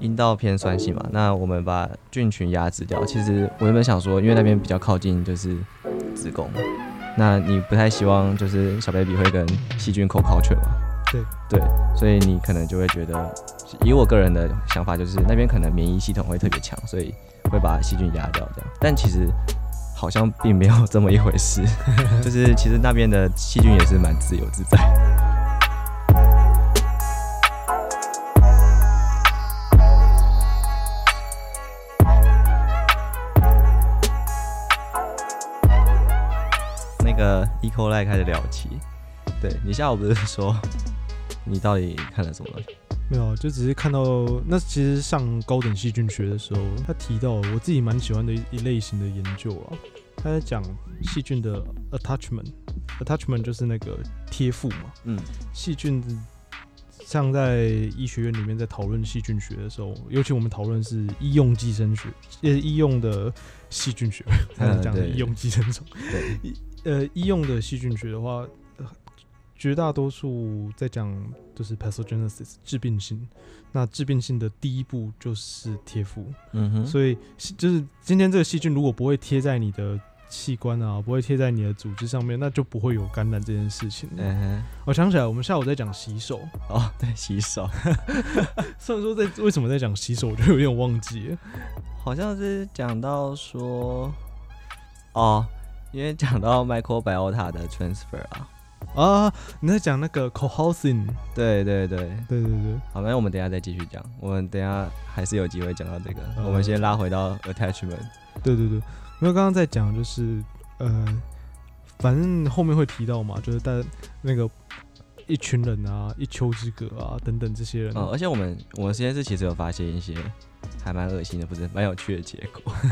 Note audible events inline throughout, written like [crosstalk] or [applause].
陰道偏酸性嘛，那我們把菌群壓制掉。其實我原本想說，因為那邊比較靠近就是子宮，那你不太希望就是小 baby 會跟細菌 co-culture 嘛。對對，所以你可能就會覺得，以我個人的想法，就是那邊可能免疫系統會特別強，所以會把細菌壓掉這樣。但其實好像並沒有這麼一回事，就是其實那邊的細菌也是蠻自由自在的。開始聊起，對，你下午不是說，你到底看了什麼東西？沒有、啊，就只是看到那。其實上高等細菌學的時候，他提到我自己蠻喜歡的一類型的研究了、啊。他在講細菌的 attachment，attachment att 就是那個貼附嘛。嗯，細菌像在醫學院裡面在討論細菌學的時候，尤其我們討論是醫用寄生學，也是醫用的細菌學，他講 [laughs] 的是醫用寄生蟲。呃，醫用的細菌學的話，呃、絕大多數在講就是 pathogenesis 致病性、。那致病性的第一步就是貼附。嗯哼。所以就是今天這個細菌如果不會貼在你的器官啊，不會貼在你的組織上面，那就不會有感染這件事情。嗯哼。我、哦、想起來，我們下午在講洗手哦，在洗手。雖然、oh, [laughs] [laughs] 說在為什麼在講洗手，我就有點忘記了，好像是講到說，哦、oh.。因為講到 Microbiota 的 transfer 啊，啊，你在講那個 Cohousing？對對對對對對，對對對，好，那我們等一下再繼續講，我們等一下還是有機會講到這個，呃、我們先拉回到 Attachment。對對對，因為剛剛在講就是呃，反正後面會提到嘛，就是但那個一群人啊，一丘之貉啊等等這些人，嗯、而且我們我們實驗室其實有發現一些還蠻噁心的，不是蠻有趣的結果。 [laughs]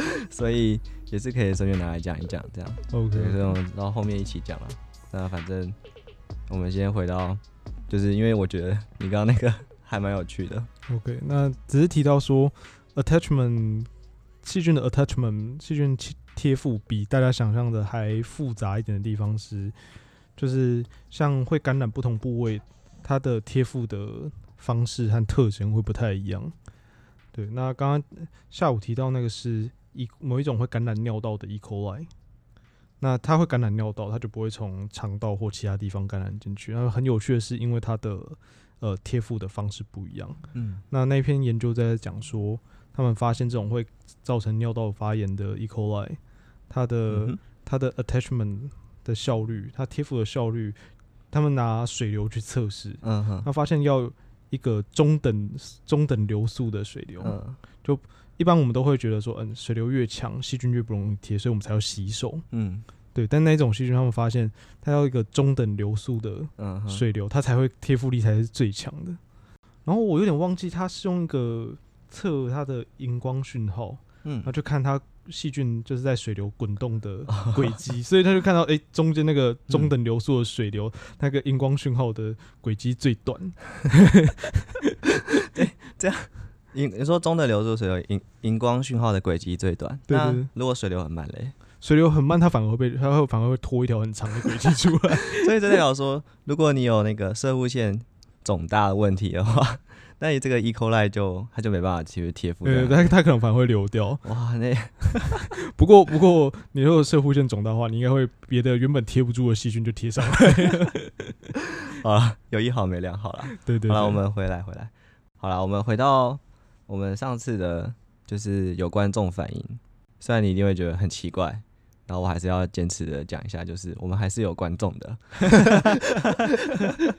[laughs] 所以也是可以順便拿來講一講，這樣。OK，這樣然後後面一起講了。那反正我們先回到，就是因為我覺得你剛剛那個還蠻有趣的。OK，那只是提到說，attachment 細菌的 attachment 細菌貼附比大家想象的還複雜一點的地方是，就是像會感染不同部位，它的貼附的方式和特徵會不太一樣。對，那剛剛下午提到那個是。一某一種會感染尿道的 E. coli，那它會感染尿道，它就不會從腸道或其他地方感染進去。然後很有趣的是，因為它的呃貼附的方式不一樣，嗯，那那一篇研究在講說，他們發現這種會造成尿道發炎的 E. coli，它的，嗯哼，它的 attachment 的效率，它貼附的效率，他們拿水流去測試，嗯哼，他發現要一個中等中等流速的水流、嗯、就。一般我們都會覺得說，嗯，水流越強，細菌越不容易貼，所以我們才要洗手。嗯，對。但那種細菌，他們發現它要一個中等流速的水流，它才會貼附力才是最強的。然後我有點忘記，他是用一個測它的熒光訊號，然後就看它細菌就是在水流滾動的軌跡，嗯、所以他就看到，哎、欸，中間那個中等流速的水流，嗯、那個熒光訊號的軌跡最短。對、 [laughs] 欸，這樣。你你說中的流入水流，有熒光訊號的軌跡最短。對對對，那如果水流很慢嘞、欸？水流很慢，它反而會被，它會反而會拖一條很長的軌跡出來。 [laughs] 所以這代表說，如果你有那個攝護腺腫大問題的話，那、嗯、你這個 E. coli 就它就沒辦法去貼附了，對、欸，它它可能反而會流掉。哇，那個、不過不過，你如果攝護腺腫大的話，你應該會別的原本貼不住的細菌就貼上來。啊， [laughs] 有一毫沒兩毫好了。對對，對。好了，我們回來回來。好了，我們回到。我們上次的，就是有觀眾反映，雖然你一定會覺得很奇怪，然後我還是要堅持的講一下，就是我們還是有觀眾的。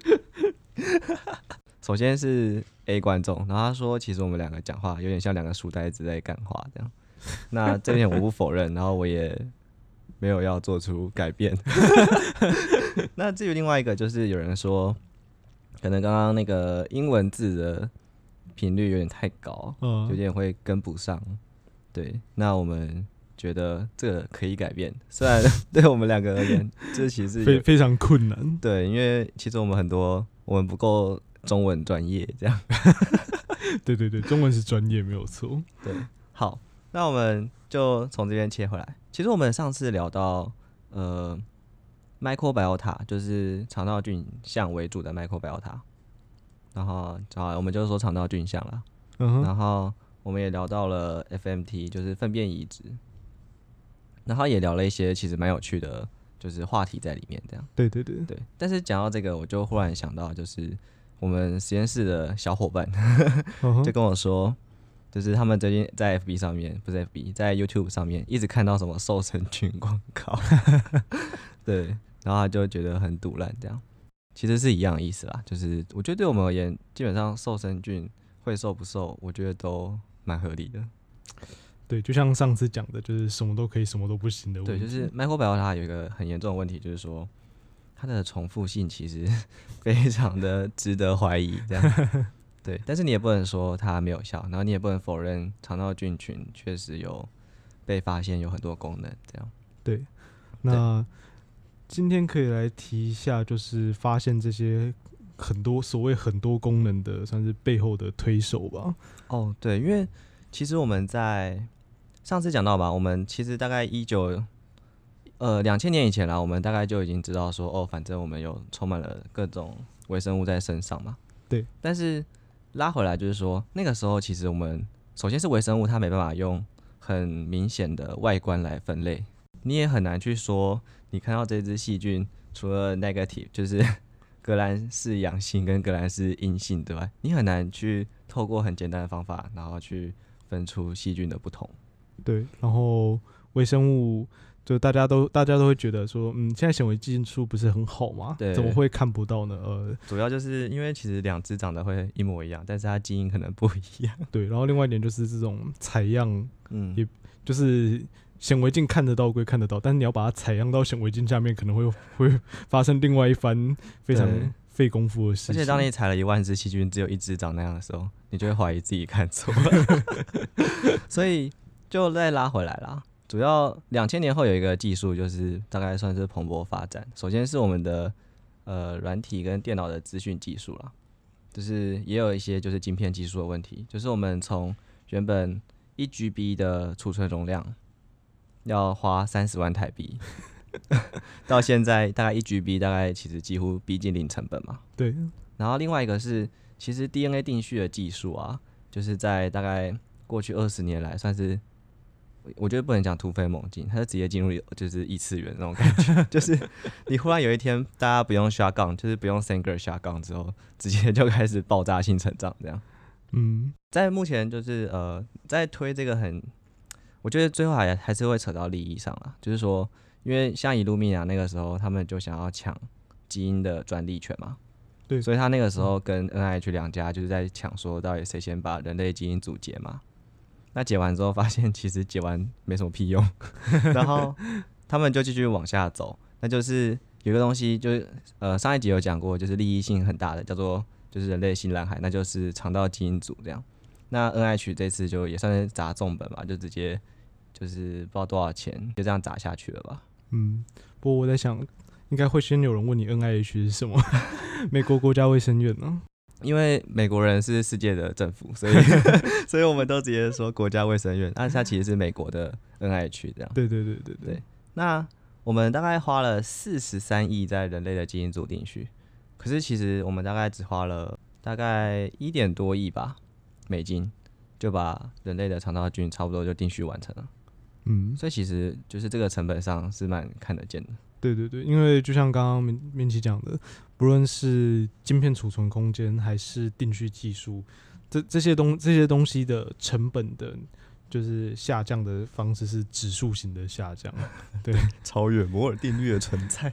[laughs] [laughs] 首先是 A 觀眾，然後他說，其實我們兩個講話有點像兩個書呆子在講話這樣。那這點我不否認， [laughs] 然後我也沒有要做出改變。 [laughs] [laughs] 那至於另外一個，就是有人說，可能剛剛那個英文字的。頻率有點太高，有點會跟不上。嗯、對，那我們覺得這個可以改變，雖然對我們兩個而言，這 [laughs] 其實是非常困難。對，因為其實我們很多，我們不夠中文專業，這樣。 [laughs] [laughs] 對對對，中文是專業，沒有錯。對，好，那我們就從這邊切回來。其實我們上次聊到，呃，microbiota 就是腸道菌相為主的 microbiota。然後，好，我們就是說腸道菌相了。嗯哼然後，我們也聊到了 FMT，就是糞便移植。然後也聊了一些其實蠻有趣的，就是話題在裡面這樣。對對對對。對但是講到這個，我就忽然想到，就是我們實驗室的小伙伴 [laughs] 就跟我說，嗯、哼就是他們最近在 FB 上面，不是 FB，在 YouTube 上面一直看到什麼瘦身菌廣告， [laughs] [laughs] 對，然後他就覺得很賭爛這樣。其實是一樣的意思啦，就是我覺得對我們而言，基本上瘦身菌會瘦不瘦，我覺得都蠻合理的。對，就像上次講的，就是什麼都可以，什麼都不行的。對，就是 microbiota 有一個很嚴重的問題，就是說它的重複性其實非常的值得懷疑。這樣對， [laughs] 對，但是你也不能說它沒有效，然後你也不能否認腸道菌群確實有被發現有很多功能。這樣對，那。今天可以來提一下，就是發現這些很多所謂很多功能的，算是背後的推手吧。哦，對，因為其實我們在上次講到吧，我們其實大概一九呃兩千年以前啦，我們大概就已經知道說，哦，反正我們有充滿了各種微生物在身上嘛。對。但是拉回來就是說，那個時候其實我們首先是微生物，它沒辦法用很明顯的外觀來分類，你也很難去說。你看到，這隻細菌，除了 negative，就是格蘭氏陽性跟格蘭氏陰性，對吧？你很難去透過很簡單的方法，然後去分出細菌的不同。對，然後微生物就大家都大家都會覺得說，嗯，現在顯微鏡技術不是很好嗎？對怎麼會看不到呢？呃，主要就是因為其實兩隻長得會一模一樣，但是它基因可能不一樣。對，然後另外一點就是這種採樣，嗯，也就是。顯微鏡看得到歸看得到，但是你要把它採樣到顯微鏡下面，可能會會發生另外一番非常費功夫的事情。而且當你採了一萬只細菌，只有一只長那樣的時候，你就會懷疑自己看錯了。 [laughs] [laughs] 所以就再拉回來啦，主要兩千年後有一個技術，就是大概算是蓬勃發展。首先是我們的呃軟體跟電腦的資訊技術啦，就是也有一些就是晶片技術的問題，就是我們從原本一 GB 的儲存容量。要花三十萬台幣， [laughs] 到現在大概一 G B，大概其實幾乎逼近零成本嘛。對啊。然後另外一個是，其實 DNA 定序的技術啊，就是在大概過去二十年來，算是我覺得不能講突飛猛進，它是直接進入就是異次元那種感覺， [laughs] 就是你忽然有一天大家不用 shotgun，就是不用 Sanger shotgun 之後，直接就開始爆炸性成長這樣。嗯，在目前就是呃，在推這個很。我覺得最後還還是會扯到利益上啊，就是說，因為像 Illumina 那個時候，他們就想要搶基因的專利權嘛，對，所以他那個時候跟 NIH 兩家就是在搶，說到底誰先把人類基因組解嘛。那解完之後，發現其實解完沒什麼屁用，然後 [laughs] 他們就繼續往下走。那就是有個東西就，就是呃上一集有講過，就是利益性很大的，叫做就是人類新藍海，那就是腸道基因組這樣。那 NIH 這次就也算是砸重本吧，就直接。就是不知道多少錢，就這樣砸下去了吧？嗯，不過我在想，應該會先有人問你 NIH 是什麼？ [laughs] 美國國家衛生院呢、啊？因為美國人是世界的政府，所以 [laughs] 所以我們都直接說國家衛生院。 [laughs] 那它其實是美國的 NIH 這樣。 [laughs] 對對對對對，對，對。那我們大概花了四十三億在人類的基因組定序，可是其實我們大概只花了大概一點多億吧美金，就把人類的腸道菌差不多就定序完成了。嗯，所以其實就是這個成本上是蠻看得見的。對對對，因為就像剛剛明明奇講的，不論是晶片儲存空間，還是定序技術，這這些東這些東西的成本的，就是下降的方式是指數型的下降。對，超越摩爾定律的存在。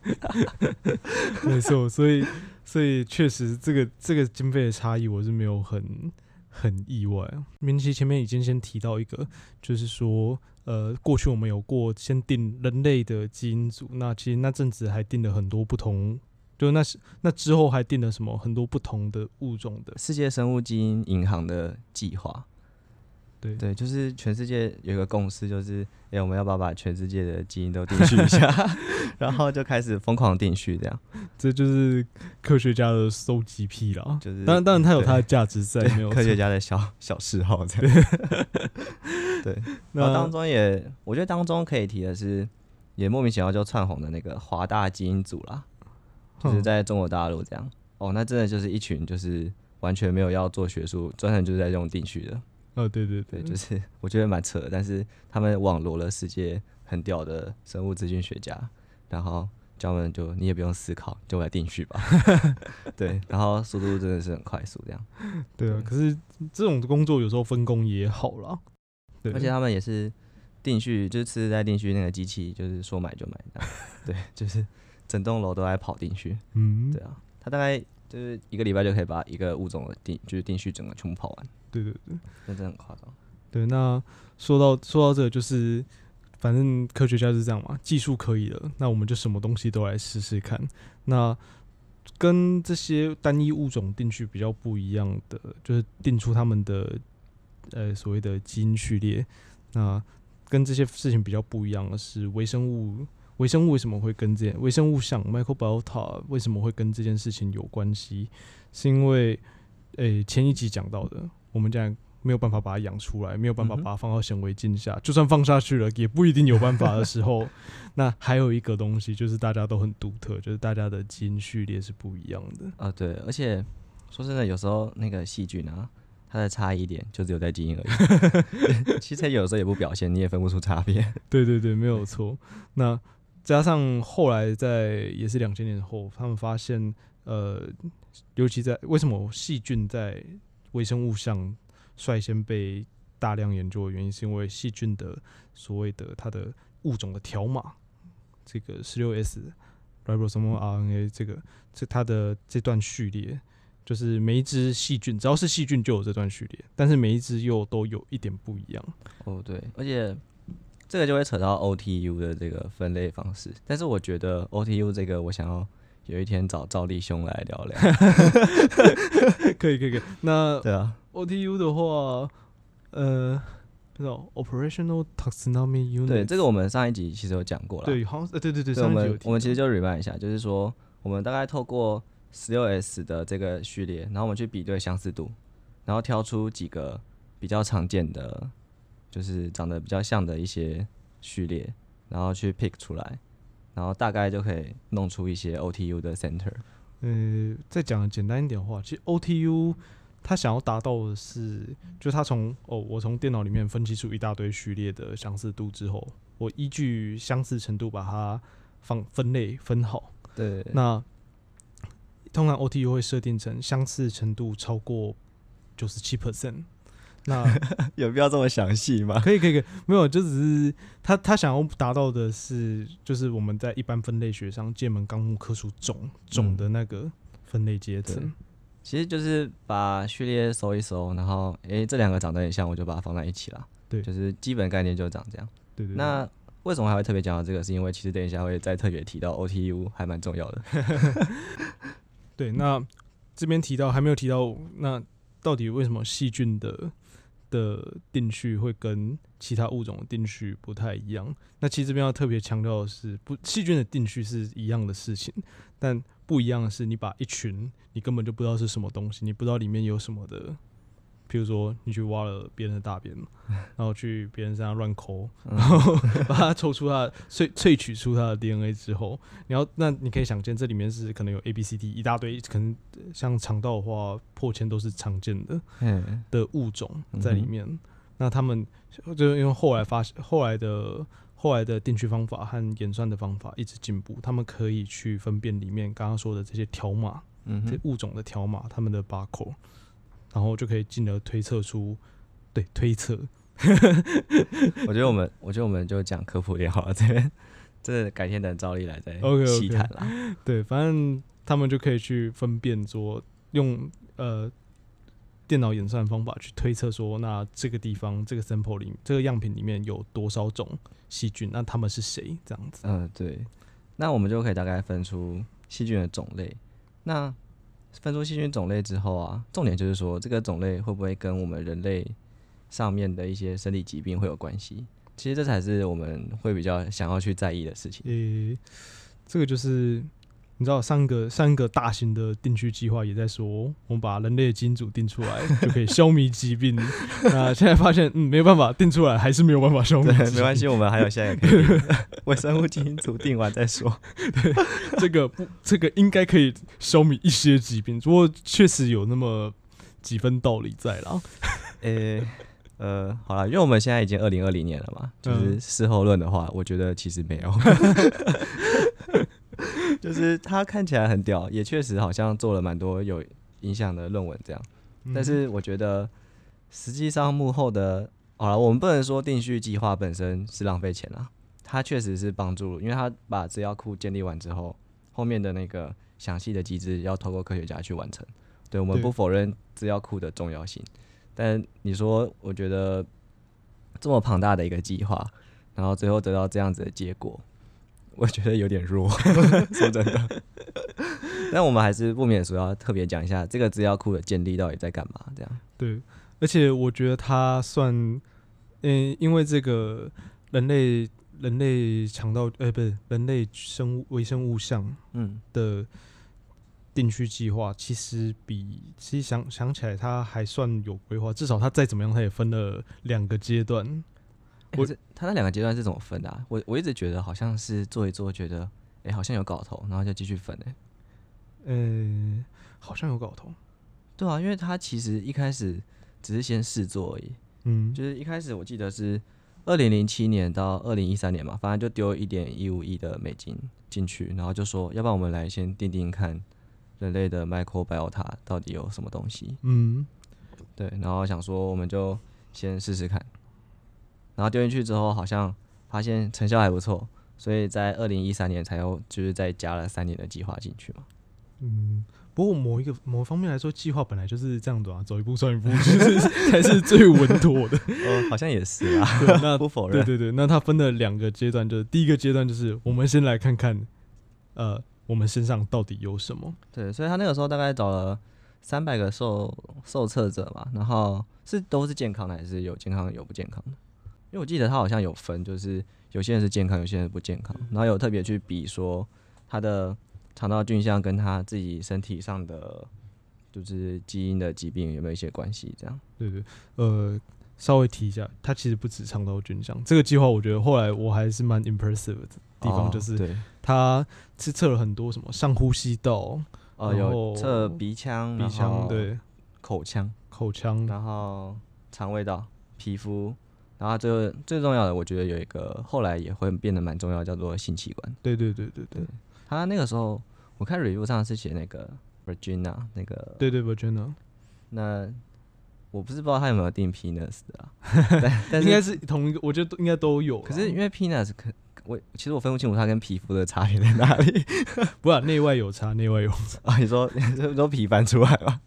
沒錯，所以所以確實這個這個經費的差異，我是沒有很很意外。明奇前面已經先提到一個，就是說。呃，過去我們有過先定人類的基因組，那其實那陣子還定了很多不同，就那是那之後還定了什麼，很多不同的物種的世界生物基因銀行的計劃。對，對，就是全世界有一個共識，就是哎、欸，我們要不要把全世界的基因都定序一下， [laughs] 然後就開始瘋狂定序，這樣， [laughs] 這就是科學家的收集癖了、啊。就是，當然，當然，他有他的價值在，沒有？科學家的小小嗜好，這樣。對。 [laughs] 對那然後當中也，我覺得當中可以提的是，也莫名其妙就竄紅的那個華大基因組啦，就是在中國大陸這樣。嗯、哦，那真的就是一群就是完全沒有要做學術，專門就是在用定序的。哦，對對對，對就是我覺得蠻扯的，但是他們網羅了世界很屌的生物資訊學家，然後叫他們就你也不用思考，就來定序吧。 [laughs] 對，然後速度真的是很快速，這樣。對啊，對可是這種工作有時候分工也好了。對，而且他們也是定序，就是在定序那個機器，就是說買就買這樣。 [laughs] 對，就是整棟樓都在跑定序。嗯，對啊，他大概。就是一個禮拜就可以把一個物種的定就是定序整個全部跑完，對對對，真的很誇張。對，那說到說到這個，就是反正科學家是這樣嘛，技術可以了，那我們就什麼東西都來試試看。那跟這些單一物種定序比較不一樣的，就是定出他們的呃所謂的基因序列。那跟這些事情比較不一樣的是微生物。微生物為什麼會跟這件微生物像 microbiota 為什麼會跟這件事情有關係？是因為誒、欸、前一集講到的，我們竟然沒有辦法把它養出來，沒有辦法把它放到顯微鏡下，嗯、哼就算放下去了也不一定有辦法的時候， [laughs] 那還有一個東西就是大家都很獨特，就是大家的基因序列是不一樣的。啊，對，而且說真的，有時候那個細菌呢、啊，它的差異點就只有在基因而已， [laughs] 其實它有時候也不表現，你也分不出差別。對對對，沒有錯。那加上後來在也是兩千年後，他們發現呃，尤其在為什麼細菌在微生物上率先被大量研究的原因，是因為細菌的所謂的它的物種的條碼，這個十六 S，嗯，ribosomal RNA 這個這它的這段序列，就是每一只細菌只要是細菌就有這段序列，但是每一只又都有一點不一樣。哦，對，而且。這個就會扯到 OTU 的這個分類方式，但是我覺得 OTU 這個，我想要有一天找趙立兄來聊聊。可以可以可以。那對啊，OTU 的話，呃，不知道 Operational Taxonomy Unit。Un un 對，這個我們上一集其實有講過了。對，好像對對對，對，我們，我們其實就 remind 一下，就是說我們大概透過 16S 的這個序列，然後我們去比對相似度，然後挑出幾個比較常見的。就是長得比較像的一些序列，然後去 pick 出來，然後大概就可以弄出一些 OTU 的 center。嗯、呃，再講的簡單一點的話，其實 OTU 它想要達到的是，就它從哦，我從電腦裡面分析出一大堆序列的相似度之後，我依據相似程度把它放分類分好。對，對，對，那。那通常 OTU 會設定成相似程度超過九十七 percent。那 [laughs] 有必要這麼詳細嗎？可以，可以，可以。沒有，就只是他他想要達到的是，就是我們在一般分類學上，界門綱目科屬種種的那個分類階層，嗯，其實就是把序列搜一搜，然後誒、欸，這兩個長得也像，我就把它放在一起了。對，就是基本概念就長這樣。對，對對。那為什麼還會特別講到這個？是因為其實等一下會再特別提到 OTU，還蠻重要的。 [laughs] 對，那這邊提到還沒有提到，那到底為什麼細菌的？的定序會跟其他物種的定序不太一樣。那其實這邊要特別強調的是，不細菌的定序是一樣的事情，但不一樣的是，你把一群你根本就不知道是什麼東西，你不知道裡面有什麼的。比如說，你去挖了別人的大便，然後去別人身上亂摳，然後把它抽出他，它萃萃取出它的 DNA 之後，你要那你可以想見，這裡面是可能有 A、B、C、D 一大堆，可能像腸道的話，破千都是常見的的物種在裡面。嘿 那他們就因為後來發後來的後來的定序方法和演算的方法一直進步，他們可以去分辨裡面剛剛說的這些條碼，這些物種的條碼，他們的 barcode。然後就可以進而推測出，對推測， [laughs] 我覺得我們，我覺得我們就講科普也好了，對這邊這改天等趙力來再，OK o、okay. 對，反正他們就可以去分辨說，用呃電腦演算方法去推測說，那這個地方這個 sample 裡這個樣品裡面有多少種細菌，那他們是誰？這樣子，嗯，對，那我們就可以大概分出細菌的種類，那。分出細菌種類之後啊，重點就是說這個種類會不會跟我們人類上面的一些生理疾病會有關係？其實這才是我們會比較想要去在意的事情。嗯、欸，這個就是。你知道三個三個大型的定序計劃也在說，我們把人類的基因組定出來 [laughs] 就可以消滅疾病。那、 [laughs] 呃、現在發現，嗯，沒有辦法定出來，還是沒有辦法消滅。沒關係，我們還有下一個，微生物基因組定完再說。 [laughs] 對，這個這個應該可以消滅一些疾病，如果確實有那麼幾分道理在了。呃、 [laughs] 欸、呃，好了，因為我們現在已經二零二零年了嘛，就是事後論的話，我覺得其實沒有。 [laughs] 就是他看起來很屌，也確實好像做了蠻多有影響的論文這樣，但是我覺得實際上幕後的，好了，我們不能說定序計劃本身是浪費錢啊，他確實是幫助，因為他把資料庫建立完之後，後面的那個詳細的機制要透過科學家去完成，對，我們不否認資料庫的重要性，對但你說我覺得這麼龐大的一個計劃，然後最後得到這樣子的結果。我覺得有點弱， [laughs] 說真的。但 [laughs] [laughs] 我們還是不免說要特別講一下這個資料庫的建立到底在幹嘛？這樣對，而且我覺得它算，嗯、欸，因為這個人類人類腸道，呃、欸，不是人類生物微生物像嗯的定居計劃，其實比其實想想起來，它還算有規劃，至少它再怎麼樣，它也分了兩個階段。他、欸、那兩個階段是怎麼分的啊？我我一直覺得好像是做一做，覺得誒、欸，好像有搞頭，然後就繼續分哎、欸。嗯、欸，好像有搞頭。對啊，因為他其實一開始只是先試做而已。嗯，就是一開始我記得是二零零七年到二零一三年嘛，反正就丟一點一五億的美金進去，然後就說要不然我們來先定定看人類的 microbiota 到底有什麼東西。嗯，對，然後想說我們就先試試看。然後丟進去之後，好像發現成效還不錯，所以在二零一三年才又就是再加了三年的計劃進去嘛。嗯，不過某一個某個方面來說，計劃本來就是這樣子啊，走一步算一步，就是 [laughs] 才是最穩妥的。嗯、 [laughs] 哦，好像也是啊。那不否認。對對對，那他分了兩個階段就，就是第一個階段就是我們先來看看，呃，我們身上到底有什麼。對，所以他那個時候大概找了三百個受受測者嘛，然後是都是健康的，還是有健康有不健康的？因為我記得他好像有分，就是有些人是健康，有些人是不健康，然後有特別去比說他的腸道菌相跟他自己身體上的就是基因的疾病有沒有一些關係，這樣。對，對對，呃，稍微提一下，他其實不止腸道菌相這個計劃，我覺得後來我還是蠻 impressive 的地方，哦、就是他測了很多什麼，上呼吸道，呃，有測鼻腔、鼻腔對、口腔、口腔，然後腸胃道、皮膚。然後最最重要的，我覺得有一個後來也會變得蠻重要，叫做性器官。對對對對對，對。他那個時候我看 review 上是寫那個 vagina 那個。對對 vagina。那我不是不知道他有沒有訂 Penis 啊？ [laughs] 但是應該是同一個，我覺得應該都有。可是因為 Penis 可我其實我分不清楚它跟皮膚的差別在哪裡。 [laughs] 不、啊，內外有差，內外有差。啊，你說你說皮翻出來吧。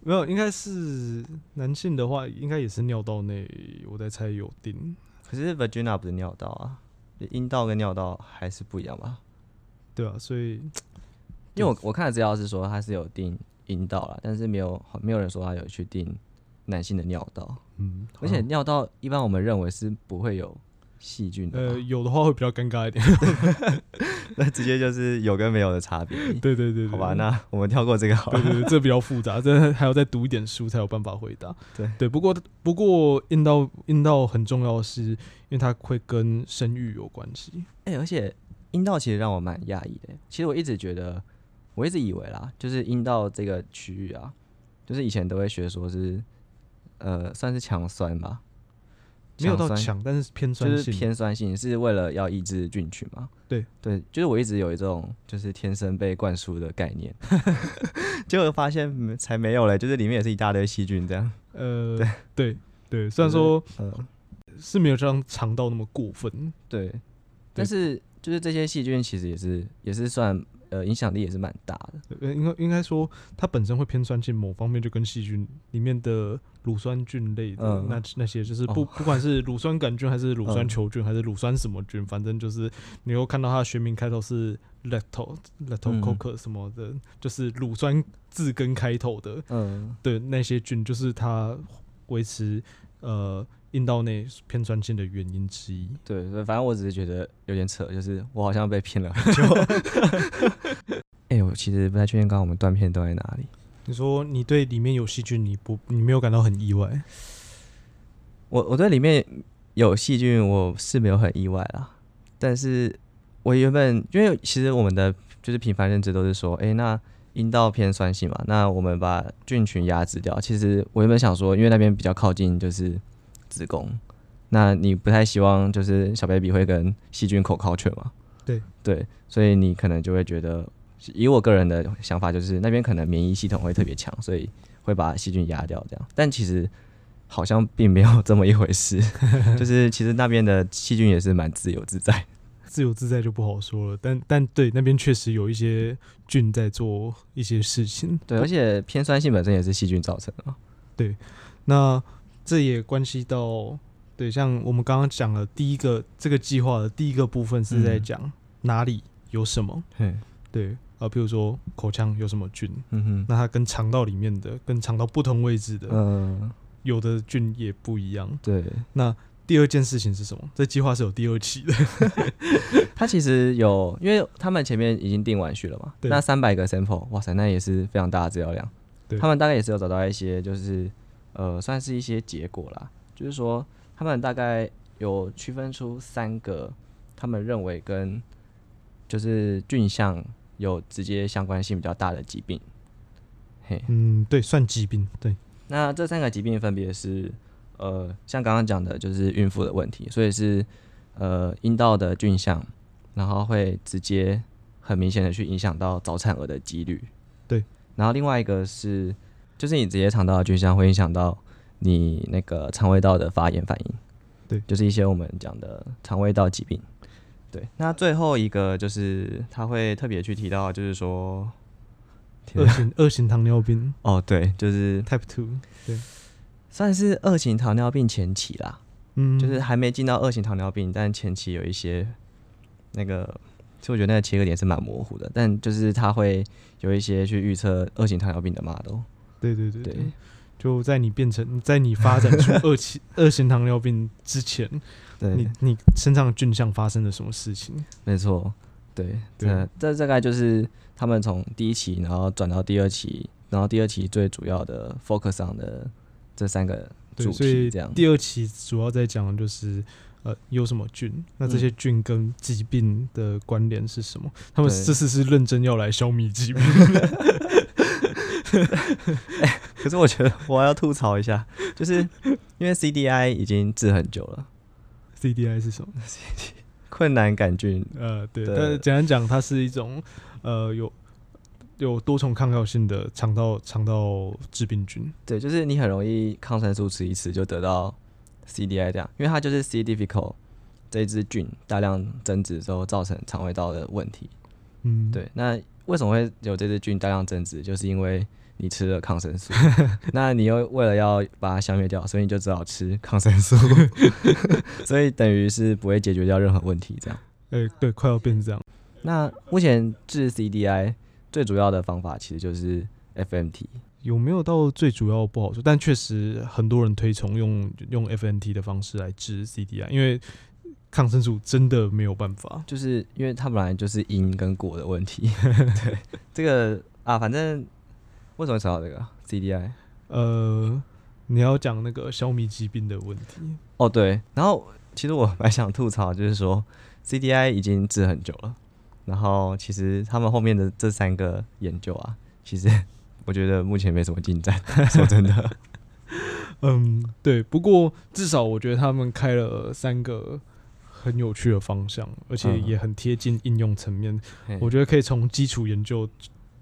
沒有，應該是男性的話，應該也是尿道內。我在猜有定，可是 vagina 不是尿道啊，陰道跟尿道還是不一樣吧？對啊，所以因為我我看的資料是說他是有定陰道啦，但是沒有，沒有人說他有去定男性的尿道。嗯，而且尿道一般我們認為是不會有。細菌呃，有的話會比較尷尬一點。對 [laughs] 那直接就是有跟沒有的差別。對對對，對，對好吧，那我們跳過這個好了。對，對對，這比較複雜，這還要再讀一點書才有辦法回答。對對，不過不過陰道陰道很重要，是因為它會跟生育有關係。哎、欸，而且陰道其實讓我蠻訝異的、欸。其實我一直覺得，我一直以為啦，就是陰道這個區域啊，就是以前都會學說是，呃，算是強酸吧。沒有到強，但是偏酸，就是偏酸性，是為了要抑制菌群嘛？對，對，就是我一直有一種就是天生被灌輸的概念， [laughs] [laughs] 結果發現才沒有嘞，就是裡面也是一大堆細菌這樣。呃，對，對，對，雖然說、就是呃、是沒有像腸道那麼過分，對，對但是就是這些細菌其實也是也是算。呃，影響力也是蠻大的。應該應該說，它本身會偏酸性，某方面就跟細菌裡面的乳酸菌類的、嗯、那那些，就是不、哦、不管是乳酸桿菌還是乳酸球菌、嗯、還是乳酸什麼菌，反正就是你會看到它的學名開頭是 Lacto、Lactococcus 什麼的，嗯、就是乳酸字根開頭的，嗯，對，那些菌就是它維持呃。陰道內偏酸性的原因之一。對，反正我只是覺得有點扯，就是我好像被騙了很久。哎、 [laughs] [laughs] 欸，我其實不太確定剛剛我們斷片斷在哪裡。你說你對裡面有細菌，你不你沒有感到很意外我？我我對裡面有細菌，我是沒有很意外啦。但是我原本因為其實我們的就是平凡認知都是說，哎、欸，那陰道偏酸性嘛，那我們把菌群壓制掉。其實我原本想說，因為那邊比較靠近，就是。子宮，那你不太希望就是小 baby 會跟細菌 coculture 嘛？對對，所以你可能就會覺得，以我個人的想法，就是那邊可能免疫系統會特別強，所以會把細菌壓掉。這樣，但其實好像並沒有這麼一回事， [laughs] 就是其實那邊的細菌也是蠻自由自在， [laughs] 自由自在就不好說了。但但對，那邊確實有一些菌在做一些事情，對，而且偏酸性本身也是細菌造成的，對，那。這也關係到，對，像我們剛剛講的第一個這個計劃的第一個部分是在講哪裡、嗯、有什麼，嘿對，啊、呃，譬如說口腔有什麼菌，嗯哼，那它跟腸道裡面的，跟腸道不同位置的，嗯，有的菌也不一樣，對。那第二件事情是什麼？這計劃是有第二期的， [laughs] 他其實有，因為他們前面已經定完序了嘛，對那三百個 sample，哇塞，那也是非常大的資料量，對他們大概也是有找到一些就是。呃，算是一些結果啦，就是說他們大概有區分出三個，他們認為跟就是菌相有直接相關性比較大的疾病。嘿，嗯，對，算疾病，對。那這三個疾病分別是，呃，像剛剛講的，就是孕婦的問題，所以是呃陰道的菌相，然後會直接很明顯的去影響到早產兒的幾率。對，然後另外一個是。就是你直接嚐到的菌相會影響到你那個腸胃道的發炎反應，對，就是一些我們講的腸胃道疾病。對，那最後一個就是他會特別去提到，就是說，二型二型糖尿病哦，對，就是 Type Two，對，算是二型糖尿病前期啦，嗯，就是還沒進到二型糖尿病，但前期有一些那個，所以我覺得那個切割點是蠻模糊的，但就是他會有一些去預測二型糖尿病的 model。對對對對，對就在你變成在你發展出二期 [laughs] 二型糖尿病之前，對你你身上的菌相發生了什麼事情？沒錯，對對，這大概就是他們從第一期，然後轉到第二期，然後第二期最主要的 focus on 的這三個主題這樣。所以第二期主要在講的就是呃有什麼菌，那這些菌跟疾病的關聯是什麼？嗯、他們這次是認真要來消滅疾病的對。 [laughs] [laughs] 欸、可是我覺得我還要吐槽一下，就是因為 CDI 已經治很久了。CDI 是什麼？CDI [laughs] 困難桿菌，呃，對。對，但是簡單講， [laughs] 它是一種呃有有多重抗藥性的腸道腸道致病菌。對，就是你很容易抗生素吃一吃就得到 CDI 這樣，因為它就是 C difficile 這一支菌大量增殖之後造成腸胃道的問題。嗯，對。那為什麼會有這支菌大量增殖？就是因為你吃了抗生素， [laughs] 那你又為了要把它消滅掉，所以你就只好吃抗生素， [laughs] [laughs] 所以等於是不會解決掉任何問題，這樣。哎、欸，對，快要變成這樣。那目前治 CDI 最主要的方法其實就是 FMT。有沒有到最主要不好說，但確實很多人推崇用用 FMT 的方式來治 CDI，因為抗生素真的沒有辦法，就是因為它本來就是因跟果的問題。 [laughs] 對，這個啊，反正。為什麼想到這個 CDI？呃，你要講那個小米疾病的問題哦。對，然後其實我蠻想吐槽，就是說 CDI 已經治很久了，然後其實他們後面的這三個研究啊，其實我覺得目前沒什麼進展。 [laughs] 說真的，嗯，對。不過至少我覺得他們開了三個很有趣的方向，而且也很貼近應用層面。嗯、我覺得可以從基礎研究。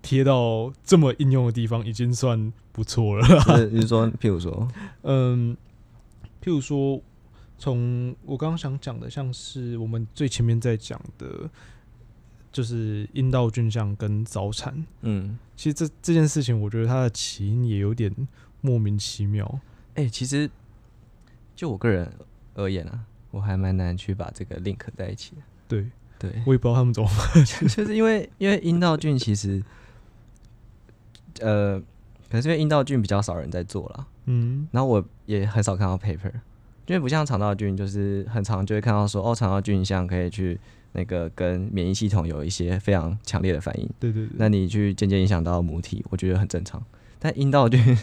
貼到這麼應用的地方已經算不錯了。比如說，譬如說，嗯，譬如說，從我剛剛想講的，像是我們最前面在講的，就是陰道菌相跟早產。嗯，其實這這件事情，我覺得它的起因也有點莫名其妙。哎、欸，其實就我個人而言啊，我還蠻難去把這個 link 在一起的，啊。對，對，我也不知道他們怎麼，就是因為因為陰道菌其實。呃，可能因為陰道菌比較少人在做啦，嗯，然後我也很少看到 paper，因為不像腸道菌，就是很常就會看到說，哦，腸道菌像可以去那個跟免疫系統有一些非常強烈的反應，對，對對，那你去間接影響到母體，我覺得很正常。但陰道菌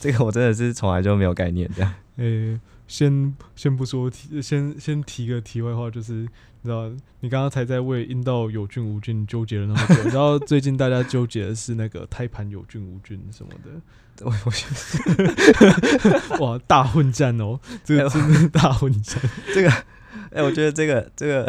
這個，我真的是從來就沒有概念，這樣，嗯。先先不說，題，先先提個題外話，就是你知道，你剛剛才在為陰道有菌無菌糾結了那麼久，然後你知道最近大家糾結的是那個胎盤有菌無菌什麼的，我我 [laughs] 哇大混戰哦、喔，欸、這個是大混戰，這個哎、欸，我覺得這個這個，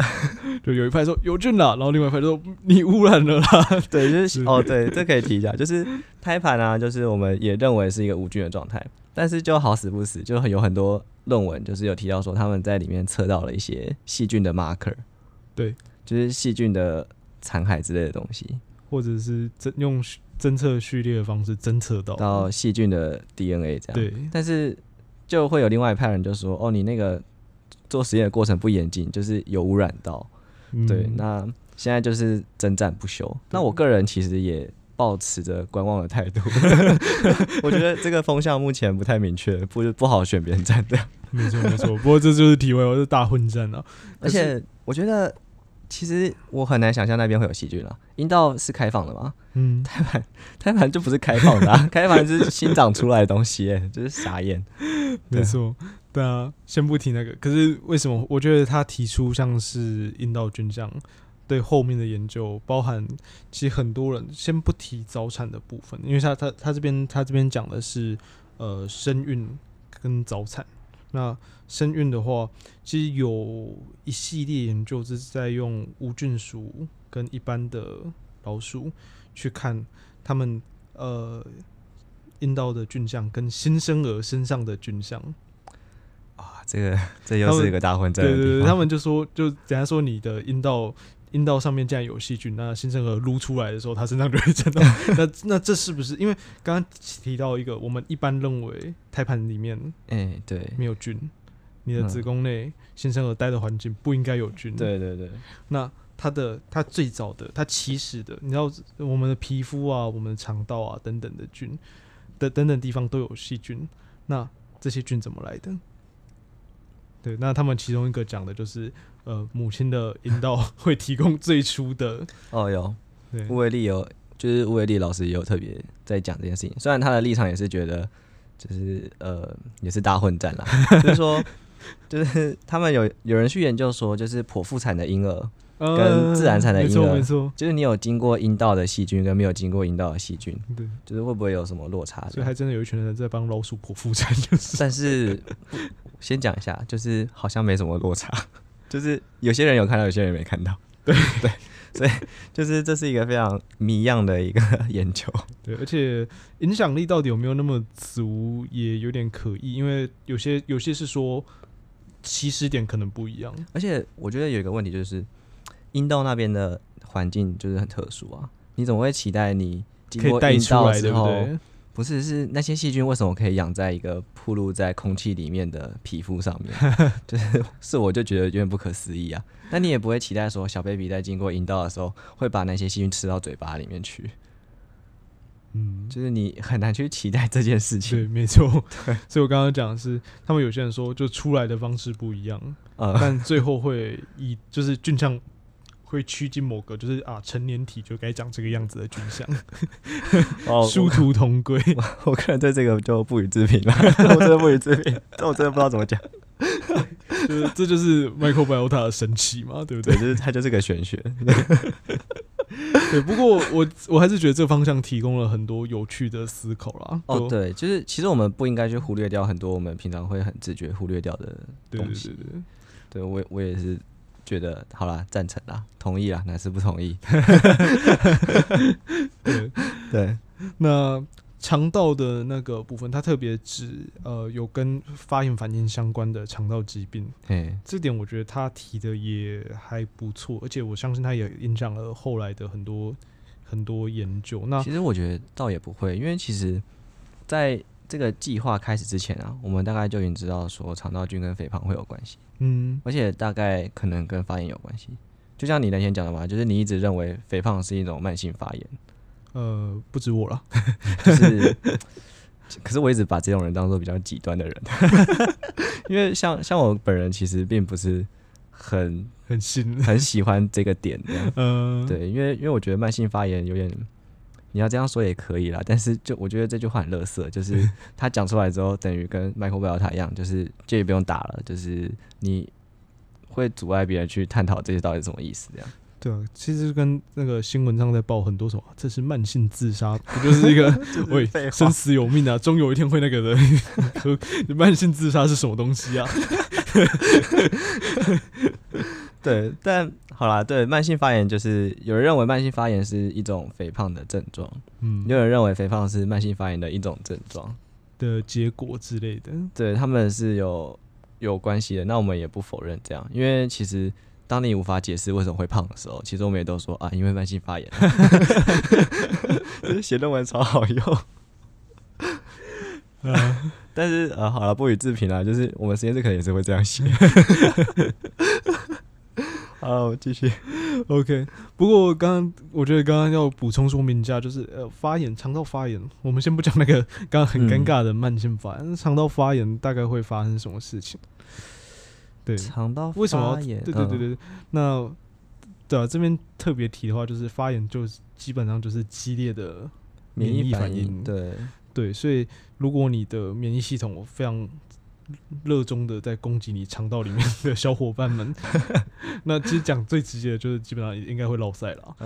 就有一派說有菌了，然後另外一派就說你汙染了啦，對，就是對哦對，這可以提一下，就是胎盤啊，就是我們也認為是一個無菌的狀態，但是就好死不死，就有很多。論文就是有提到說他們在裡面測到了一些細菌的 marker，對，就是細菌的殘骸之類的東西，或者是偵用偵測序列的方式偵測到到細菌的 DNA 這樣。對，但是就會有另外一派人就說，哦，你那個做實驗的過程不嚴謹，就是有汙染到。嗯、對，那現在就是征戰不休。對，那我個人其實也。抱持着觀望的態度， [laughs] [laughs] 我覺得這個風向目前不太明確，不不好選別人站的沒錯。沒錯沒錯，不過這就是體會 [laughs] 我是大混戰了、啊。而且我覺得，其實我很難想象那邊會有細菌了。陰道是開放的嗎？嗯，胎盤，胎盤就不是開放的、啊，胎盤 [laughs] 是新長出來的東西、欸，哎，就是傻眼。沒錯，對啊，先不提那個，可是為什麼？我覺得他提出像是陰道菌這樣。對後面的研究包含，其實很多人先不提早產的部分，因為他他他這邊他這邊講的是呃，生孕跟早產。那生孕的話，其實有一系列研究就是在用無菌鼠跟一般的老鼠去看他們呃陰道的菌相跟新生兒身上的菌相。啊、哦，這個這個、又是一個大混戰的。對對對，他們就說就等下說你的陰道。陰道上面既然有細菌，那新生兒擼出來的時候，他身上就會真的。 [laughs] 那那這是不是因為剛剛提到一個，我們一般認為胎盤裡面，哎、欸，對，沒有菌。你的子宮內、嗯、新生兒待的環境不應該有菌。對對對。那他的他最早的他起始的，你知道我們的皮膚啊，我們的腸道啊等等的菌的等等的地方都有細菌。那這些菌怎麼來的？對，那他們其中一個講的就是。呃，母親的陰道會提供最初的哦，有對，吳偉麗有，就是吳偉麗老師也有特別在講這件事情。雖然他的立場也是覺得，就是呃，也是大混戰啦， [laughs] 就是說，就是他們有有人去研究說，就是剖腹產的嬰兒、呃、跟自然產的嬰兒，沒錯，就是你有經過陰道的細菌跟沒有經過陰道的細菌，對，就是會不會有什麼落差？所以還真的有一群人在幫老鼠剖腹產，就是。但是 [laughs] 先講一下，就是好像沒什麼落差。就是有些人有看到，有些人沒看到。對對， [laughs] 所以就是這是一個非常謎樣的一個研究。對，而且影響力到底有沒有那麼足，也有點可疑，因為有些有些是說起始點可能不一樣。而且我覺得有一個問題就是，陰道那邊的環境就是很特殊啊，你怎麼會期待你經過陰道之後。不是，是那些細菌為什麼可以養在一個暴露在空氣裡面的皮膚上面？ [laughs] 就是、是我就覺得有點不可思議啊。那你也不會期待說小 baby 在經過陰道的時候會把那些細菌吃到嘴巴裡面去，嗯，就是你很難去期待這件事情。對，沒錯。對所以我剛剛講的是，他們有些人說就出來的方式不一樣，嗯、但最後會以就是菌相。會趨近某個，就是啊，成年體就該長這個樣子的軍相，哦，殊途同歸。我個人對這個就不予置評了。 [laughs] [laughs] 我真的不予置評， [laughs] 但我真的不知道怎麼講。 [laughs] 就是，這就是麥克布萊爾他的神奇嘛，對不對？對就是他就是個玄學。 [laughs] 對，不過我我還是覺得這個方向提供了很多有趣的思考啦。哦，就對，就是其實我們不應該去忽略掉很多我們平常會很自覺忽略掉的東西。對，對，對，對，對，我我也是。覺得好了，贊成啦，同意啦，那是不同意？ [laughs] [laughs] 對，對那腸道的那個部分，它特別指呃有跟發炎反應相關的腸道疾病。對這點我覺得他提的也還不錯，而且我相信他也影響了後來的很多很多研究。那其實我覺得倒也不會，因為其實，在。這個計劃開始之前啊，我們大概就已經知道說腸道菌跟肥胖會有關係，嗯，而且大概可能跟發炎有關係。就像你那天講的嘛，就是你一直認為肥胖是一種慢性發炎。呃，不止我啦，就是， [laughs] 可是我一直把這種人當做比較極端的人， [laughs] 因為像像我本人其實並不是很很喜很喜歡這個點，嗯，對，因為因為我覺得慢性發炎有點。你要這樣說也可以啦，但是就我覺得這句話很樂色，就是他講出來之後， [laughs] 等於跟麥克貝爾塔一樣，就是這也不用打了，就是你會阻礙別人去探討這些到底是什麼意思這樣。對啊，其實跟那個新聞上在報很多說，這是慢性自殺，就是一個 [laughs] 是喂，生死有命啊，終有一天會那個的。 [laughs] [laughs] 慢性自殺是什麼東西啊？ [laughs] [laughs] 對，但好啦，對，慢性發炎就是有人認為慢性發炎是一種肥胖的症狀，嗯，有人認為肥胖是慢性發炎的一種症狀的結果之類的，對他們是有有關係的。那我們也不否認這樣，因為其實當你無法解釋為什麼會胖的時候，其實我們也都說啊，因為慢性發炎， [laughs] [laughs] 就是寫論文超好用。 [laughs] uh, 但是呃、啊，好了，不予置評啦。就是我們實驗室可能也是會這樣寫。 [laughs] 好，繼續。OK，不過剛剛我覺得剛剛要補充說明一下，就是呃，發炎，腸道發炎，我們先不講那個剛剛很尷尬的慢性發炎，腸道、嗯、發炎大概會發生什麼事情？對，腸道為什麼發炎？對對對對。啊、那對、啊、這邊特別提的話，就是發炎就是基本上就是激烈的免疫反應。反應對對，所以如果你的免疫系統我非常。熱衷的在攻擊你腸道裡面的小夥伴們， [laughs] [laughs] 那其實講最直接的就是，基本上應該會落賽了。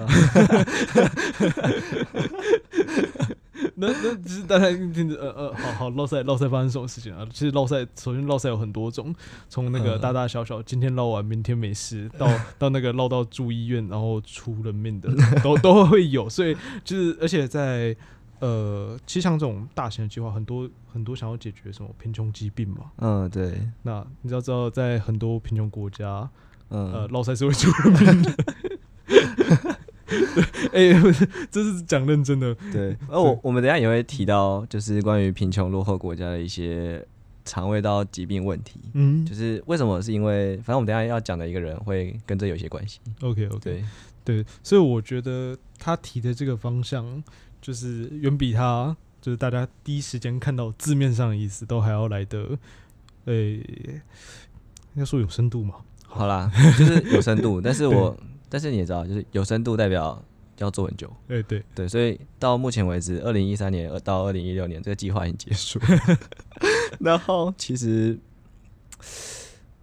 那那其實大家聽着，呃呃，好好落賽。落賽發生什麼事情啊？其實落賽首先落賽有很多種，從那個大大小小，今天落完明天沒事，到到那個落到住醫院，然後出人命的，都都會有。所以就是，而且在。呃，其實像這種大型的計劃，很多很多想要解決什麼貧窮疾病嘛。嗯，對。那你知道，在很多貧窮國家，嗯、呃，老三是會出人命的哎， [laughs] [laughs] 欸、 [laughs] 這是講認真的。對。對呃、我我們等一下也會提到，就是關於貧窮落後國家的一些腸胃道疾病問題。嗯，就是為什麼？是因為，反正我們等一下要講的一個人會跟這有些關係。OK，OK，對，所以我覺得他提的這個方向。就是遠比他，就是大家第一時間看到字面上的意思都還要來得，誒、欸，應該說有深度嘛。好，好啦，就是有深度， [laughs] 但是我，對 但是你也知道，就是有深度代表要做很久。對，對，對，所以到目前為止，二零一三年到二零一六年這個計劃已經結束。 [laughs] 然後其實。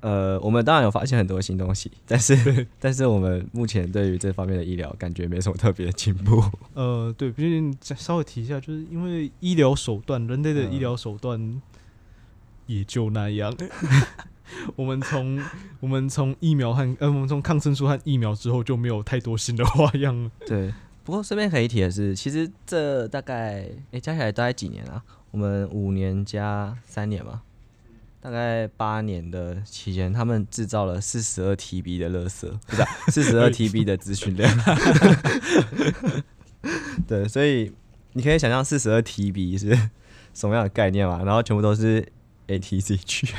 呃，我們當然有發現很多新東西，但是對但是我們目前對於這方面的醫療感覺沒什麼特別的進步。呃，對，畢竟再稍微提一下，就是因為醫療手段，人類的醫療手段也就那樣。呃、 [laughs] 我們從我們從疫苗和呃我們從抗生素和疫苗之後就沒有太多新的花樣了。對，不過順便可以提的是，其實這大概哎、欸、加起來大概幾年啊？我們五年加三年嘛。大概八年的期間，他們製造了四十二 T B 的垃圾，不是四十二 T B 的資訊量。 [laughs] [laughs] 對，所以你可以想象四十二 T B 是什麼樣的概念嘛？然後全部都是 ATCG，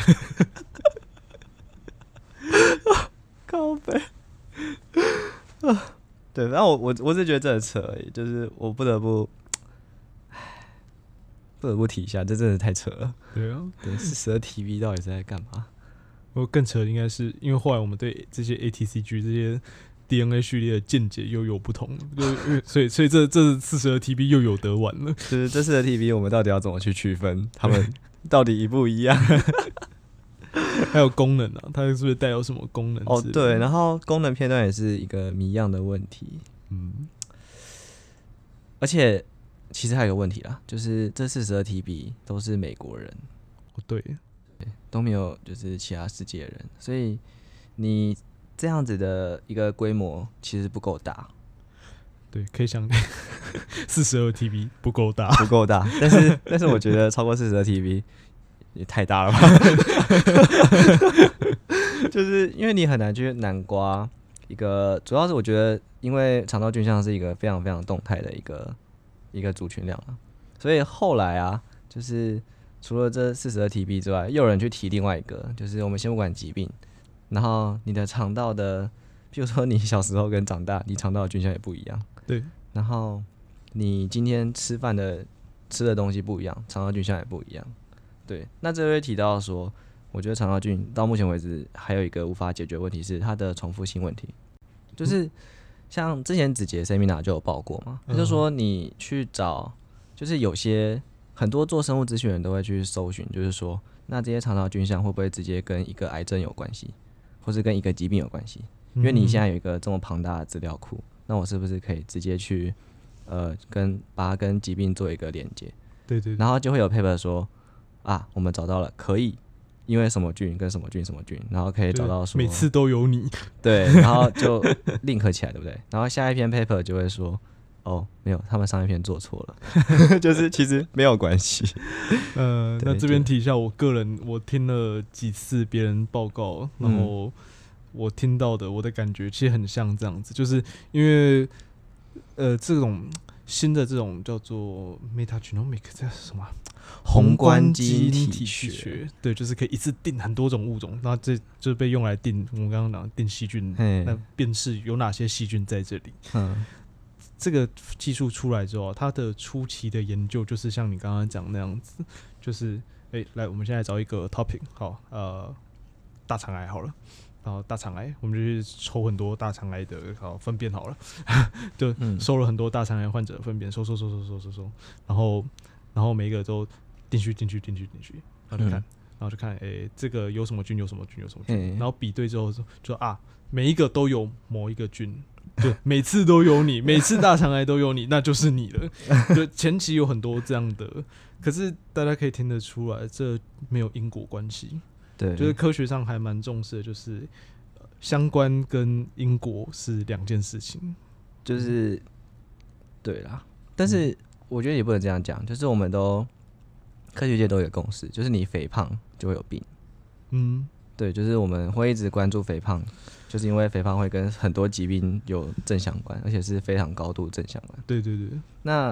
靠北。 [laughs] [laughs] 靠北 [laughs] 對，然後我我我是覺得真的扯，就是我不得不。不得不提一下，這真的太扯了。對啊，對，四十二 TB 到底是在幹嘛？不過更扯的應，應該是因為後來我們對這些 ATCG 這些 DNA 序列的見解又有不同了就 [laughs] 所，所以所以這這四十二 TB 又有得玩了。是，這四十二 TB 我們到底要怎麼去區分它們對？到底一不一樣？ [laughs] [laughs] 還有功能啊？它是不是帶有什麼功能？哦，對。然後功能片段也是一個謎樣的問題。嗯，而且。其實還有個問題啦，就是這四十二 TB 都是美國人，對耶，都沒有就是其他世界的人，所以你這樣子的一個規模其實不夠大，對，可以想，四十二 TB 不夠大， [laughs] 不夠大，但是但是我覺得超過四十二 TB 也太大了吧， [laughs] [laughs] 就是因為你很難去南瓜一個，主要是我覺得因為腸道菌像是一個非常非常動態的一個，一個族群量了，所以後來啊，就是除了這四十二 T B 之外，又有人去提另外一個，就是我們先不管疾病，然後你的腸道的，比如說你小時候跟長大，你腸道的菌相也不一樣，對。然後你今天吃飯的吃的東西不一樣，腸道菌相也不一樣，對。那這位提到說，我覺得腸道菌到目前為止還有一個無法解決的問題是它的重複性問題，就是。嗯像之前子杰 seminar 就有報過嘛，他、嗯、哼就是說你去找，就是有些很多做生物資訊的人都會去搜尋，就是說那這些腸道菌相會不會直接跟一個癌症有關係，或是跟一個疾病有關係？因為你現在有一個這麼龐大的資料庫，嗯、哼那我是不是可以直接去呃跟把它跟疾病做一個連接？對，對對，然後就會有 paper 說啊，我們找到了，可以。因為什麼菌跟什麼菌什麼菌，然後可以找到說。每次都有你 [laughs] 對，然後就 link 起來，對不對？然後下一篇 paper 就會說，哦，沒有，他們上一篇做錯了， [laughs] 就是其實沒有關係。呃，對那這邊提一下，對我個人我聽了幾次別人報告，然後我聽到的我的感覺其實很像這樣子，就是因為呃這種新的這種叫做 metagenomic 這是什麼？宏觀基因體學對，就是可以一次定很多種物種。那這就是被用來定，我們剛剛講定細菌，嘿那便是有哪些細菌在這裡。嗯，這個技術出來之後，它的初期的研究就是像你剛剛講那樣子，就是誒、欸，來，我們現在找一個 topic 好，呃，大腸癌好了，然後大腸癌，我們就去抽很多大腸癌的好糞便好了， [laughs] 就收了很多大腸癌患者的糞便，收收收收收收收，然後然後每一個都。進去，進去，進去，進去，然後就看，然後就看，哎，這個有什麼菌，有什麼菌，有什麼菌，然後比對之後說，啊，每一個都有某一個菌，對，每次都有你，每次大腸癌都有你，那就是你了。就前期有很多這樣的，可是大家可以聽得出來，這沒有因果關係。對，就是科學上還蠻重視的，就是相關跟因果是兩件事情。對 就是對啦，但是我覺得也不能這樣講，就是我們都。科學界都有共識，就是你肥胖就會有病。嗯，對，就是我們會一直關注肥胖，就是因為肥胖會跟很多疾病有正相關，而且是非常高度正相關。對對對。那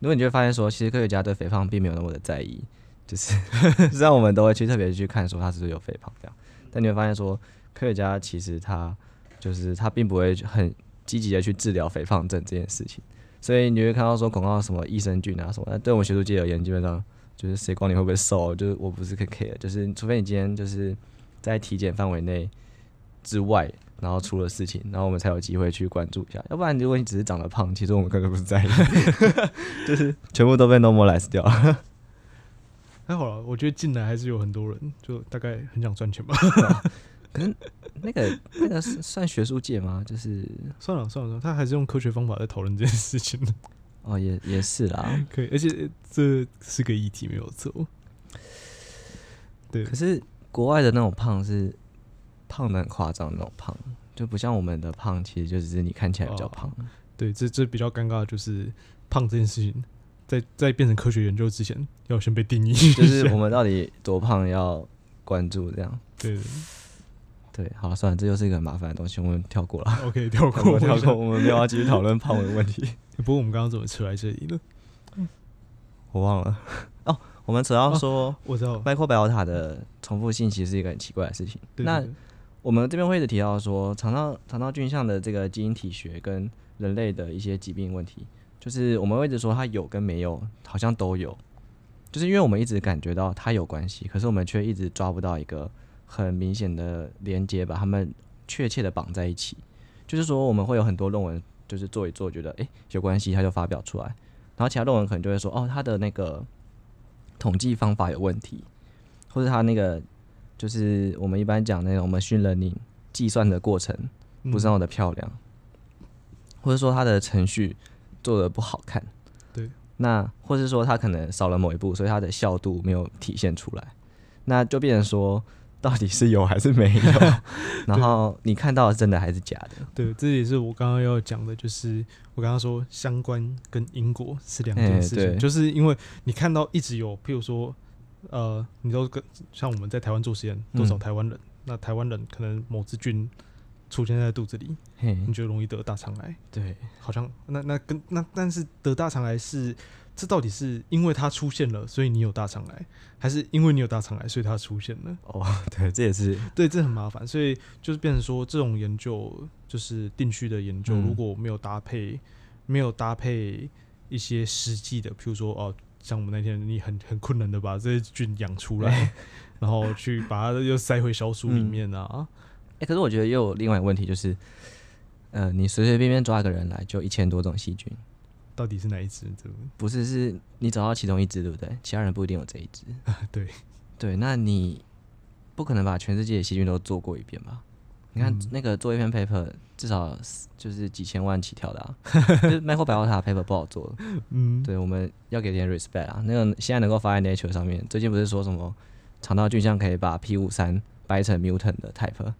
如果你就會發現說，其實科學家對肥胖並沒有那麼的在意，就是 [laughs] 雖然我們都會去特別去看說他是不是有肥胖這樣，但你會發現說，科學家其實他就是他並不會很積極的去治療肥胖症這件事情。所以你會看到說，廣告什麼益生菌啊什麼，那對我們學術界而言，基本上。就是誰管你會不會瘦？就是我不是 care，就是除非你今天就是在體檢範圍內之外，然後出了事情，然後我們才有機會去關注一下。要不然，如果你只是長得胖，其實我們根本不是在意， [laughs] 就是全部都被 normalize 掉了。還、啊、好啦，我覺得近來還是有很多人，就大概很想賺錢吧。 [laughs] 啊、可能那個那個算算學術界嗎？就是算了算了算了，他還是用科學方法在討論這件事情。哦，也也是啦，可以，而且這是個議題，沒有錯。對，可是國外的那種胖是胖的很誇張，那種胖就不像我們的胖，其實就只是你看起來比較胖。啊、對，這這比較尷尬，的就是胖這件事情在，在在變成科學研究之前，要先被定義，就是我們到底多胖要關注這樣。對對的對，好，算了，這又是一個很麻煩的東西，我們跳過了。OK，跳過跳過，跳過我,想我們沒有要繼續討論胖的問題。 [laughs] 不過我們剛剛怎麼出來這裡呢？嗯、我忘了 [laughs] 哦。我們只要說、啊，我知道。麥克白奧塔的重複性其實是一個很奇怪的事情。對對對。那我們這邊會一直提到說，腸道腸道菌相的這個基因體學跟人類的一些疾病問題，就是我們會一直說它有跟沒有，好像都有。就是因為我們一直感覺到它有關係，可是我們卻一直抓不到一個很明顯的連接，把它們確切的綁在一起。就是說我們會有很多論文。就是做一做，覺得哎、欸、有關係，他就發表出來，然後其他論文可能就會說，哦，他的那個統計方法有問題，或是他那個就是我們一般講那種我們訓練你計算的過程不是那麼的漂亮，嗯、或者說他的程序做得不好看，對，那或是說他可能少了某一步，所以他的效度沒有體現出來，那就變成說。到底是有還是沒有？ [laughs] [laughs] 然後你看到的真的還是假的？對，這也是我剛剛要講的，就是我剛剛說相關跟因果是兩件事情，欸、就是因為你看到一直有，譬如說，呃，你都跟像我們在台灣做實驗，多少台灣人，嗯、那台灣人可能某支菌出現在肚子裡，嘿你覺得容易得大腸癌？對，好像那那跟那但是得大腸癌是。這到底是因為它出現了，所以你有大腸癌，還是因為你有大腸癌，所以它出現了？哦，對，這也是對，這很麻煩，所以就是變成說，這種研究就是定序的研究，嗯、如果沒有搭配，沒有搭配一些實際的，比如說哦，像我們那天，你很很困難的把這些菌養出來，嗯、然後去把它又塞回小鼠裡面啊。誒、嗯欸，可是我覺得又有另外一個問題，就是，呃，你隨隨便便抓一個人來，就一千多種細菌。到底是哪一隻？不是，是你找到其中一隻，對不對？其他人不一定有這一隻、啊。對對，那你不可能把全世界的細菌都做過一遍吧？你看、嗯、那個做一篇 paper，至少就是幾千萬起跳的啊， [laughs] [laughs] 就是賣貨百白奧塔 paper 不好做。嗯，對，我們要給點 respect 啊。那個現在能夠發在 Nature 上面，最近不是說什麼腸道菌像可以把 P 五三掰成 mutant 的 type，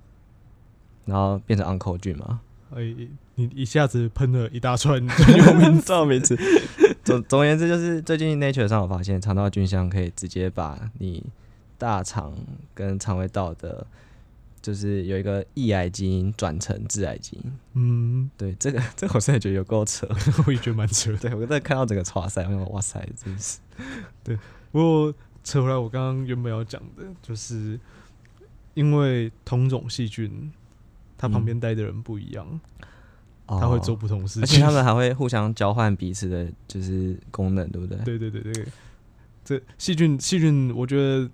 然後變成 uncle 菌嘛？可以、哎。哎你一下子噴了一大串 [laughs] [laughs] 字，我不知名每總總而言之，就是最近 Nature 上我發現，腸道菌相可以直接把你大腸跟腸胃道的，就是有一個抑癌基因轉成致癌基因。嗯，對，這個這個、好像也覺得有夠扯，我也覺得蠻扯的。的。我在看到整個插塞，我講哇塞，真是，是。對，不過扯回來，我剛剛原本要講的就是，因為同種細菌，它旁邊待的人不一樣。嗯他會做不同事情，而且他們還會互相交換彼此的，就是功能，對不對？對對對對，這細菌細菌，菌我覺得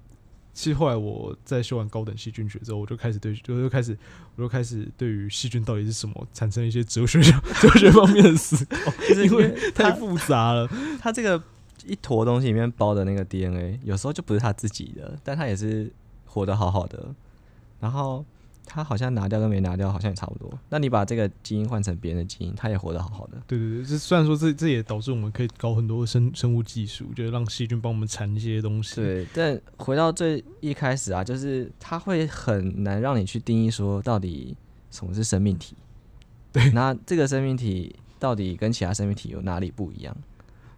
其實後來我在修完高等細菌學之後，我就開始對，我就，就開始，我就開始對於細菌到底是什麼產生一些哲學，學 [laughs] 哲學方面的思考，就是因為，因為太複雜了。它這個一坨東西裡面包的那個 DNA 有時候就不是它自己的，但它也是活得好好的。然後。它好像拿掉跟沒拿掉好像也差不多。那你把這個基因換成別人的基因，它也活得好好的。對對對，這雖然說這這也導致我們可以搞很多生生物技術，就是讓細菌幫我們產一些東西。對，但回到最一開始啊，就是它會很難讓你去定義說到底什麼是生命體。對，那這個生命體到底跟其他生命體有哪裡不一樣？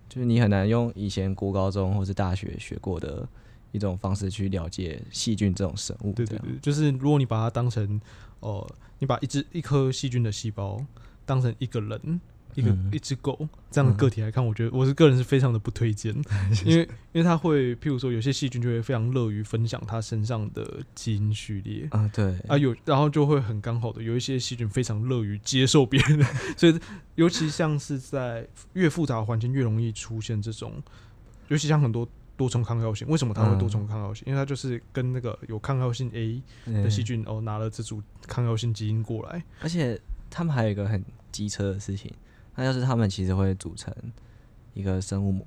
就是你很難用以前國高中或是大學學過的，一種方式去了解細菌這種生物，對對對，就是如果你把它當成，呃，你把一只一顆細菌的細胞當成一個人、一個、嗯、一隻狗這樣的個體來看，我覺得、嗯、我是個人是非常的不推薦，嗯、因為因為它會，譬如說有些細菌就會非常樂於分享它身上的基因序列啊、嗯，對啊，有然後就會很剛好的有一些細菌非常樂於接受別人， [laughs] 所以尤其像是在越複雜的環境越容易出現這種，尤其像很多。多重抗藥性，為什麼它會多重抗藥性？嗯、因為它就是跟那個有抗藥性 A 的細菌、嗯、哦，拿了這組抗藥性基因過來。而且他們還有一個很機車的事情，那就是他們其實會組成一個生物膜。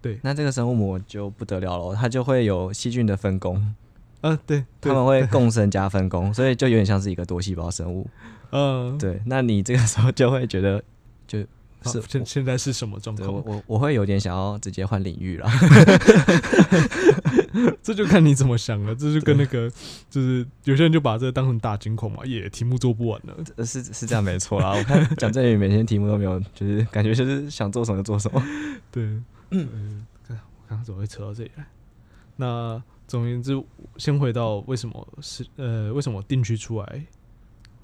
對，那這個生物膜就不得了了，它就會有細菌的分工。啊、嗯，對，對，他們會共生加分工，對，所以就有點像是一個多細胞生物。嗯，對，那你這個時候就會覺得就。啊、是現現在是什麼狀況？我我我會有點想要直接換領域了， [laughs] 這就看你怎麼想了。這就跟那個對就是有些人就把這當成打金礦嘛，耶題目做不完了。是是這樣沒錯啦。 [laughs] 我看蔣正宇每天題目都沒有， [laughs] 就是感覺就是想做什麼就做什麼。對，嗯，呃、我剛剛怎麼會扯到這裡來？那總而言之，先回到為什麼是呃為什麼定序出來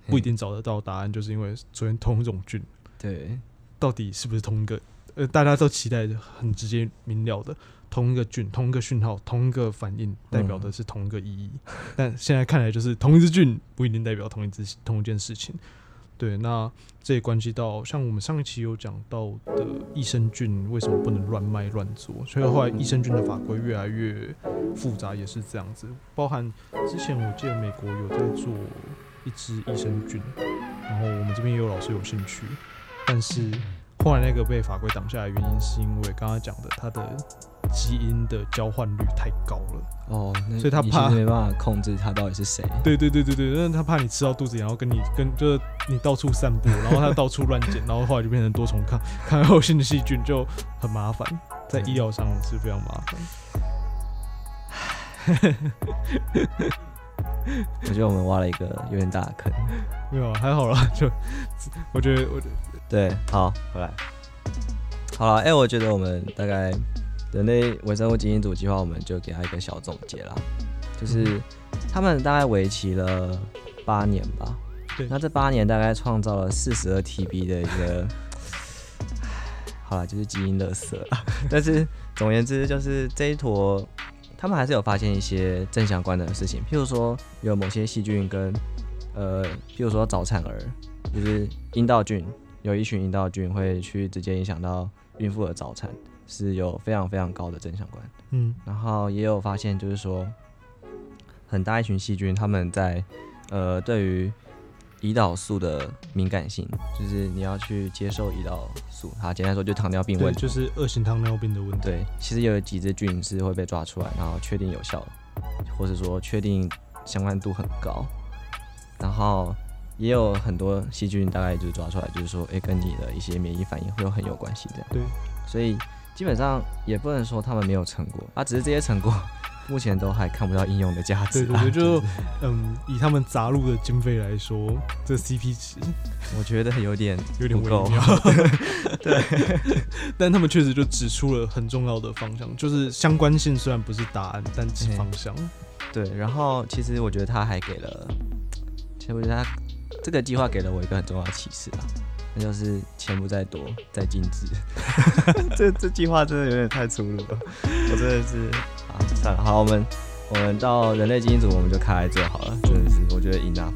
不一定找得到答案，嗯、就是因為昨天同一種菌。對。到底是不是同一個？呃，大家都期待很直接明了的同一個菌、同一個訊號、同一個反應，代表的是同一個意義。嗯、但現在看來，就是同一隻菌不一定代表同一隻、同一件事情。對，那這也關係到像我們上一期有講到的益生菌為什麼不能亂賣亂做，所以後來益生菌的法規越來越複雜，也是這樣子。包含之前我記得美國有在做一支益生菌，然後我們這邊也有老師有興趣。但是後來那個被法規擋下來的原因，是因為剛剛講的它的基因的交換率太高了哦，所以他怕是，是沒辦法控制它到底是誰。對對對對對，但是他怕你吃到肚子，然後跟你跟，就是你到處散步，然後他到處亂撿， [laughs] 然後後來就變成多重抗、抗藥性的細菌就很麻煩，在醫療上是非常麻煩。 [laughs] 我覺得我們挖了一個有點大的坑。沒有、啊，還好啦，就我覺得我覺得。對，好，回來，好了，哎、欸，我覺得我們大概人類微生物基因組計劃，我們就給他一個小總結了，就是、嗯、他們大概維持了八年吧，對那這八年大概創造了四十二 TB 的一個， [laughs] 好了，就是基因垃圾、啊， [laughs] 但是總而言之，就是這一坨，他們還是有發現一些正相關的事情，譬如說有某些細菌跟，呃，譬如說早產兒，就是陰道菌。有一群陰道菌會去直接影響到孕婦的早產，是有非常非常高的正相關。嗯，然後也有發現，就是說很大一群細菌，他們在呃對於胰島素的敏感性，就是你要去接受胰島素，好，簡單說就糖尿病問題，就是二型糖尿病的問題。對，其實有幾只菌是會被抓出來，然後確定有效，或者說確定相關度很高，然後。也有很多細菌，大概就是抓出來，就是說，哎、欸，跟你的一些免疫反應會有很有關係的。對，所以基本上也不能說他們沒有成果，啊，只是這些成果目前都還看不到應用的價值。對,對,對，我覺得， [laughs] 嗯，以他們砸入的經費來說，這個、CP 值我覺得有點有點不夠。對， [laughs] 但他們確實就指出了很重要的方向，就是相關性雖然不是答案，但指方向、嗯。對，然後其實我覺得他還給了，其實我覺得他。這個計劃給了我一個很重要的啟示啦，那就是錢不在多，在精致。這這計劃真的有點太粗魯了，我真的是啊，算了，好，我們我們到人類經濟組，我們就開來做好了，真的是，我覺得贏了。